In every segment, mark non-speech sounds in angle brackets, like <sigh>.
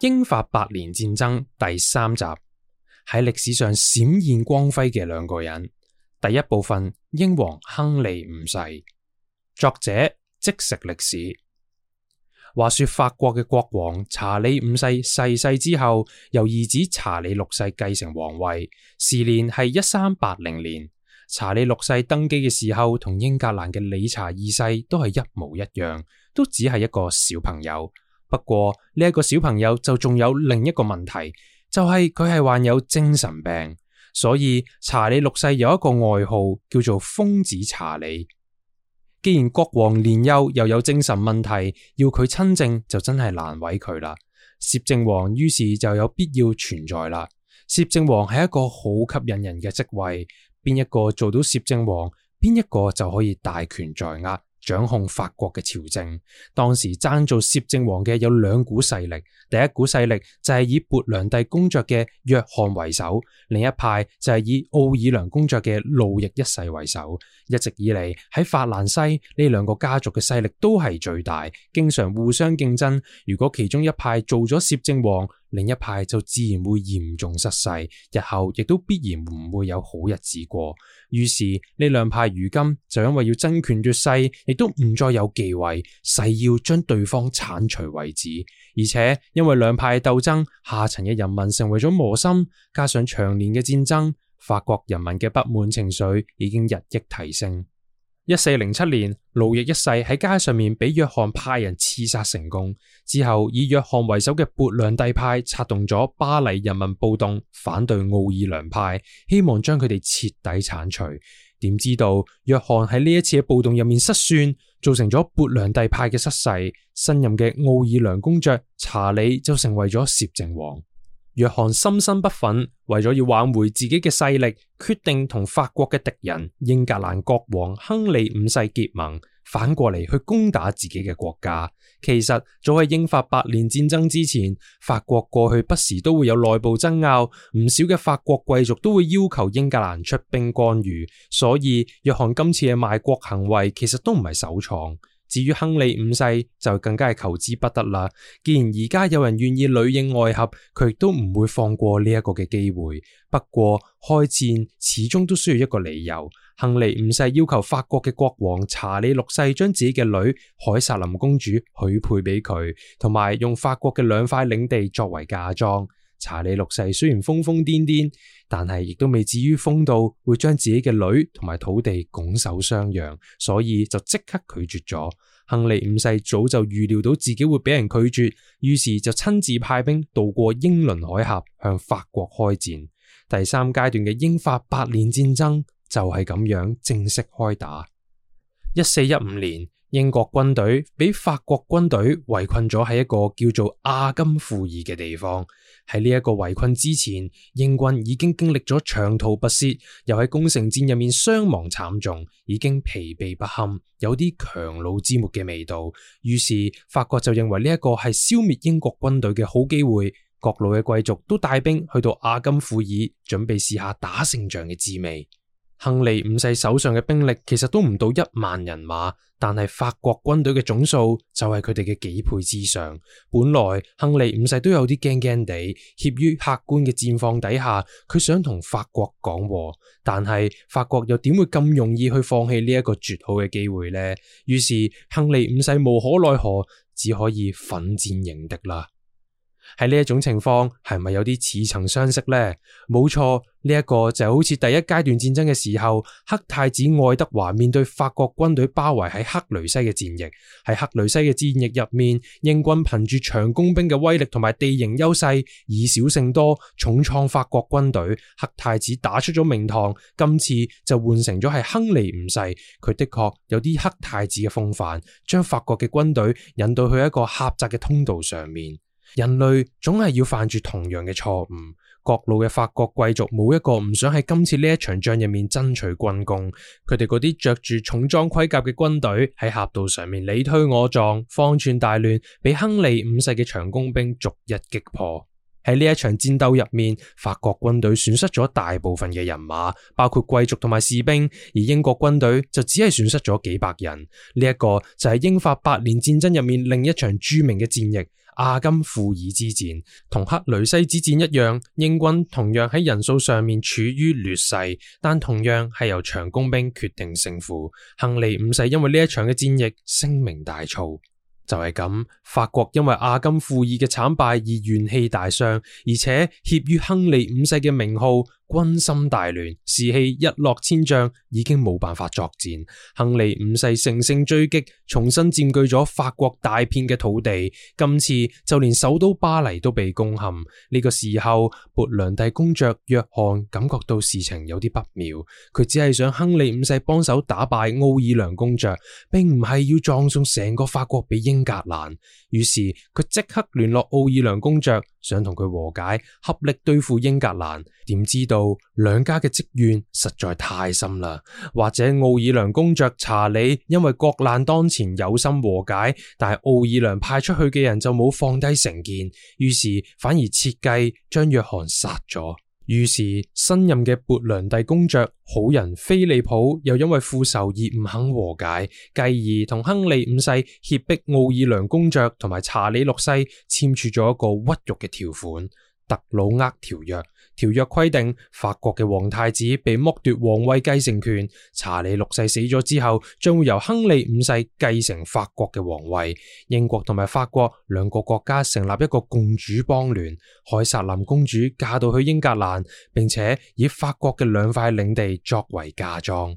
英法百年戰爭第三集，喺歷史上閃現光輝嘅兩個人。第一部分，英皇亨利五世。作者即食歷史。話說法國嘅國王查理五世逝世，世之後，由兒子查理六世繼承皇位，時年係一三八零年。查理六世登基嘅時候，同英格蘭嘅理查二世都係一模一樣，都只係一個小朋友。不過呢一個小朋友就仲有另一個問題，就係佢係患有精神病，所以查理六世有一個外號叫做瘋子查理。既然國王年幼又有精神問題，要佢親政就真係難為佢啦。攝政王於是就有必要存在啦。攝政王係一個好吸引人嘅職位，邊一個做到攝政王，邊一個就可以大權在握。掌控法國嘅朝政，當時爭做攝政王嘅有兩股勢力，第一股勢力就係以勃艮第公爵嘅約翰為首，另一派就係以奧爾良公爵嘅路易一世為首。一直以嚟喺法蘭西呢兩個家族嘅勢力都係最大，經常互相競爭。如果其中一派做咗攝政王，另一派就自然會嚴重失勢，日後亦都必然唔會有好日子過。於是呢兩派如今就因為要爭權奪勢，亦都唔再有忌諱，誓要將對方鏟除為止。而且因為兩派鬥爭，下層嘅人民成為咗磨心，加上長年嘅戰爭，法國人民嘅不滿情緒已經日益提升。一四零七年，路易一世喺街上面俾約翰派人刺殺成功之後，以約翰為首嘅勃艮第派策動咗巴黎人民暴動，反對奧爾良派，希望將佢哋徹底鏟除。點知道約翰喺呢一次嘅暴動入面失算，造成咗勃艮第派嘅失勢，新任嘅奧爾良公爵查理就成為咗攝政王。約翰深深不忿，為咗要挽回自己嘅勢力，決定同法國嘅敵人英格蘭國王亨利五世結盟，反過嚟去攻打自己嘅國家。其實早喺英法百年戰爭之前，法國過去不時都會有內部爭拗，唔少嘅法國貴族都會要求英格蘭出兵干預，所以約翰今次嘅賣國行為其實都唔係首創。至於亨利五世就更加係求之不得啦。既然而家有人願意裏應外合，佢亦都唔會放過呢一個嘅機會。不過開戰始終都需要一個理由。亨利五世要求法國嘅國王查理六世將自己嘅女凱撒林公主許配俾佢，同埋用法國嘅兩塊領地作為嫁妝。查理六世雖然瘋瘋癲癲，但係亦都未至於瘋到會將自己嘅女同埋土地拱手相讓，所以就即刻拒絕咗。亨利五世早就預料到自己會俾人拒絕，於是就親自派兵渡過英倫海峽向法國開戰。第三階段嘅英法百年戰爭就係咁樣正式開打。一四一五年。英國軍隊俾法國軍隊圍困咗喺一個叫做阿金庫爾嘅地方。喺呢一個圍困之前，英軍已經經歷咗長途跋涉，又喺攻城戰入面傷亡慘重，已經疲憊不堪，有啲強弩之末嘅味道。於是法國就認為呢一個係消滅英國軍隊嘅好機會。各路嘅貴族都帶兵去到阿金庫爾，準備試下打勝仗嘅滋味。亨利五世手上嘅兵力其實都唔到一萬人馬，但係法國軍隊嘅總數就係佢哋嘅幾倍之上。本來亨利五世都有啲驚驚地，怯於客觀嘅戰況底下，佢想同法國講和，但係法國又點會咁容易去放棄呢一個絕好嘅機會咧？於是亨利五世無可奈何，只可以奮戰迎敵啦。喺呢一種情況，係咪有啲似曾相識呢？冇錯，呢一個就好似第一階段戰爭嘅時候，黑太子愛德華面對法國軍隊包圍喺克雷西嘅戰役。喺克雷西嘅戰役入面，英軍憑住長弓兵嘅威力同埋地形優勢，以少勝多，重創法國軍隊。黑太子打出咗名堂，今次就換成咗係亨利五世，佢的確有啲黑太子嘅風範，將法國嘅軍隊引到去一個狹窄嘅通道上面。人類總係要犯住同樣嘅錯誤。各路嘅法國貴族冇一個唔想喺今次呢一場仗入面爭取軍功。佢哋嗰啲着住重裝盔甲嘅軍隊喺峽道上面你推我撞，方寸大亂，俾亨利五世嘅長弓兵逐一擊破。喺呢一場戰鬥入面，法國軍隊損失咗大部分嘅人馬，包括貴族同埋士兵，而英國軍隊就只係損失咗幾百人。呢一個就係英法百年戰爭入面另一場著名嘅戰役。阿金庫爾之戰同克雷西之戰一樣，英軍同樣喺人數上面處於劣勢，但同樣係由長弓兵決定勝負。亨利五世因為呢一場嘅戰役聲名大噪。就係咁，法國因為阿金庫爾嘅慘敗而元氣大傷，而且協於亨利五世嘅名號，軍心大亂，士氣一落千丈，已經冇辦法作戰。亨利五世乘勝追擊，重新占據咗法國大片嘅土地。今次就連首都巴黎都被攻陷。呢個時候，勃良第公爵約翰感覺到事情有啲不妙。佢只係想亨利五世幫手打敗奧爾良公爵，並唔係要葬送成個法國俾英格蘭。於是佢即刻聯絡奧爾良公爵。想同佢和解，合力對付英格蘭，點知道兩家嘅積怨實在太深啦，或者奧爾良公爵查理因為國難當前有心和解，但係奧爾良派出去嘅人就冇放低成見，於是反而設計將約翰殺咗。於是，新任嘅勃艮第公爵好人菲利普又因為父仇而唔肯和解，繼而同亨利五世脅迫奧爾良公爵同埋查理六世簽署咗一個屈辱嘅條款。特魯厄條約條約規定，法國嘅皇太子被剝奪皇位繼承權，查理六世死咗之後，將會由亨利五世繼承法國嘅皇位。英國同埋法國兩個國家成立一個共主邦聯，凱瑟琳公主嫁到去英格蘭，並且以法國嘅兩塊領地作為嫁妝。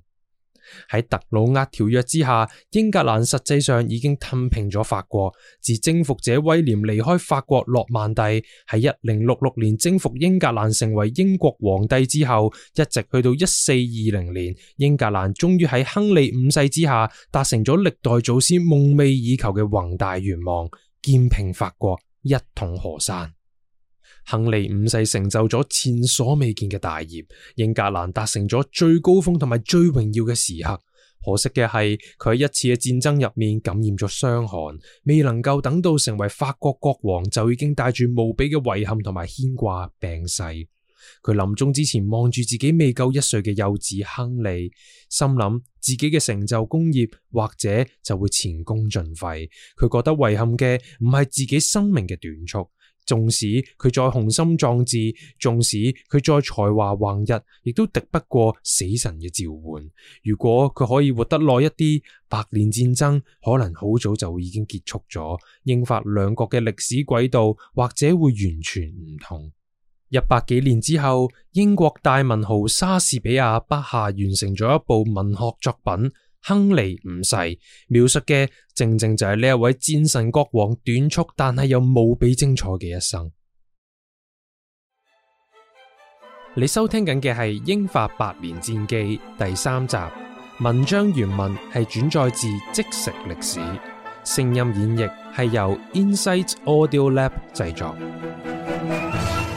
喺特魯厄條約之下，英格蘭實際上已經吞併咗法國。自征服者威廉離開法國諾曼第，喺一零六六年征服英格蘭，成為英國皇帝之後，一直去到一四二零年，英格蘭終於喺亨利五世之下達成咗歷代祖先夢寐以求嘅宏大願望：兼併法國，一統河山。亨利五世成就咗前所未見嘅大業，英格蘭達成咗最高峰同埋最榮耀嘅時刻。可惜嘅係，佢喺一次嘅戰爭入面感染咗傷寒，未能夠等到成為法國國王就已經帶住無比嘅遺憾同埋牽掛病逝。佢臨終之前望住自己未夠一歲嘅幼子亨利，心諗自己嘅成就功業，或者就會前功盡廢。佢覺得遺憾嘅唔係自己生命嘅短促。縱使佢再雄心壯志，縱使佢再才華橫溢，亦都敵不過死神嘅召喚。如果佢可以活得耐一啲，百年戰爭可能好早就已經結束咗，英法兩國嘅歷史軌道或者會完全唔同。一百幾年之後，英國大文豪莎士比亞筆下完成咗一部文學作品。亨利五世描述嘅正正就係呢一位戰神國王短促但係又無比精彩嘅一生。 <music> 你收聽緊嘅係《英法百年戰記》第三集，文章原文係轉載自《即食歷史》，聲音演繹係由 Insight Audio Lab 製作。 <music>